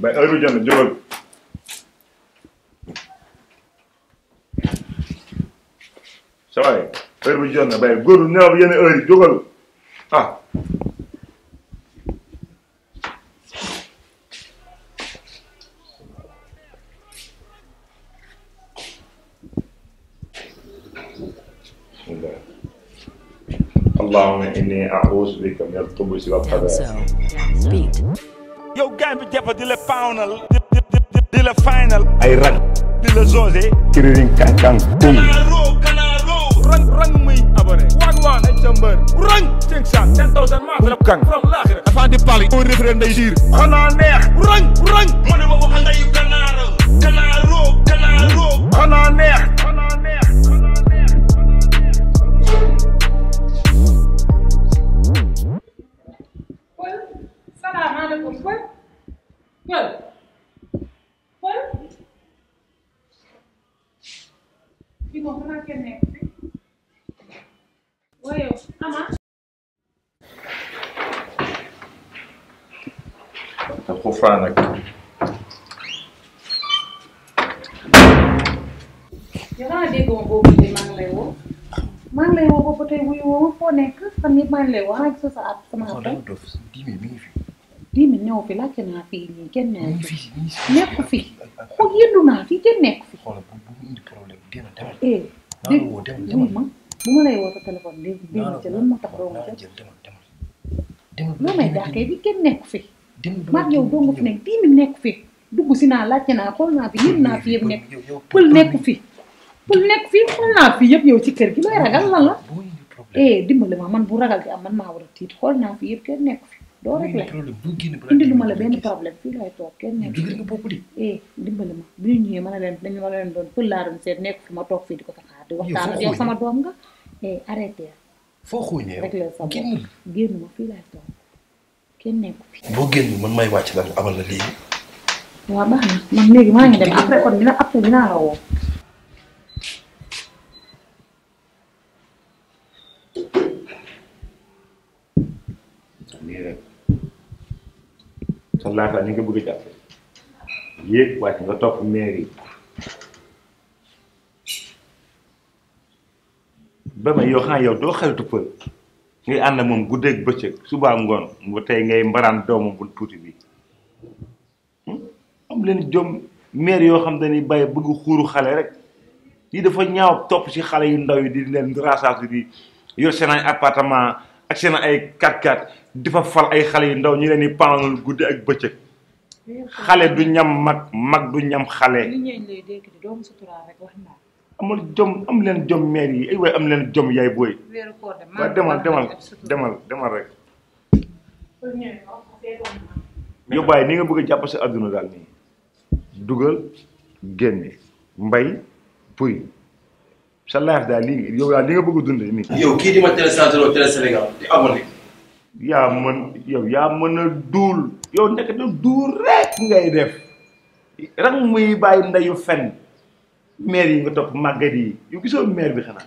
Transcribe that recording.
ba heure jënd jógal sa waay heure bu jot na bay góor bu nelaw yenn heure yi jógal ah Allahumma inni a'udhu bika min al-khubuthi wal khaba'ith yow gaañ bi jàpp di la pawnal di di di la final. ay rang. di la zosé. kiririn kankan kum. kanaaroo kanaaroo. rang rang muy abonné. waag waan ay jàmbaar. rang. cinq cent. ten thousand maa fi la. kang from laaxira. di pali. au référendum day jiir. xanaa neex. moom xanaa kenn nekk fi waaye ama boobu de maa ngi lay woo maa ngi lay woo boobu tey wuyu woo foo nekk fan sa app sama appel diimi mi ngi fi diimi fi laajte kenn nekk fi nekk fi ko naa fii kenn nekk dong jël demal demal. demal nekk fi. maag yow dong fi nekk fi. dugg si naa laajte naa xool naa fi yëpp naa fi yëpp nekk fi pël nekk fi xool naa fi yëpp yow ci kër gi looy la eh, man bu ragal di man maa war a tiit xool naa fi yëpp nekk fi doo rek la indi lu ma la benn problème fii laay toog kenn nekk fi eh dimbali ma bi ñu ma ne leen dañu ma leen doon pël laa doon nekk fi ma toog fii di ko fa xaar sama doom nga eh foo xuuñee yow génn génn ma fii laay toog kenn nekku fi. boo génn man may wàcc daal amal la léegi. waaw baax na man léegi maa ngi dem après kon dina après dinaa ba may yoo xam ne yow doo xaritu pël ngay ànd ak moom guddeeg bëccëg subaa ngoon ba tey ngay mbaraan doomu bu tuuti bi hmm? am leen jom maire yoo xam dañuy bàyyi bëgg xuuru xale rek lii dafa ñaaw topp ci xale yu ndaw yi di leen rasaatu bi yor seen ay appartement ak seen ay 4x4 fal ay xale yu ndaw ñu leen di panal guddi ak bëccëg xale du ñam mag mag du ñam xale. amal jom am leen jom maire yi ay waay am leen jom yaay booy. demal demal demal rek. yow bàyyi ni nga bëgg a jàpp sa adduna daal nii dugal génne mbay puy sa life daal lii yow daal li nga bëgg a dund nii. yow kii di ma télé Sénégal télé Sénégal di abonné. yaa yaa mën duul yow nekk na duul rek ngay def rek muy bàyyi ndeyu fen. maire yi nga topp màggat yi yow gisoo maire bi xanaa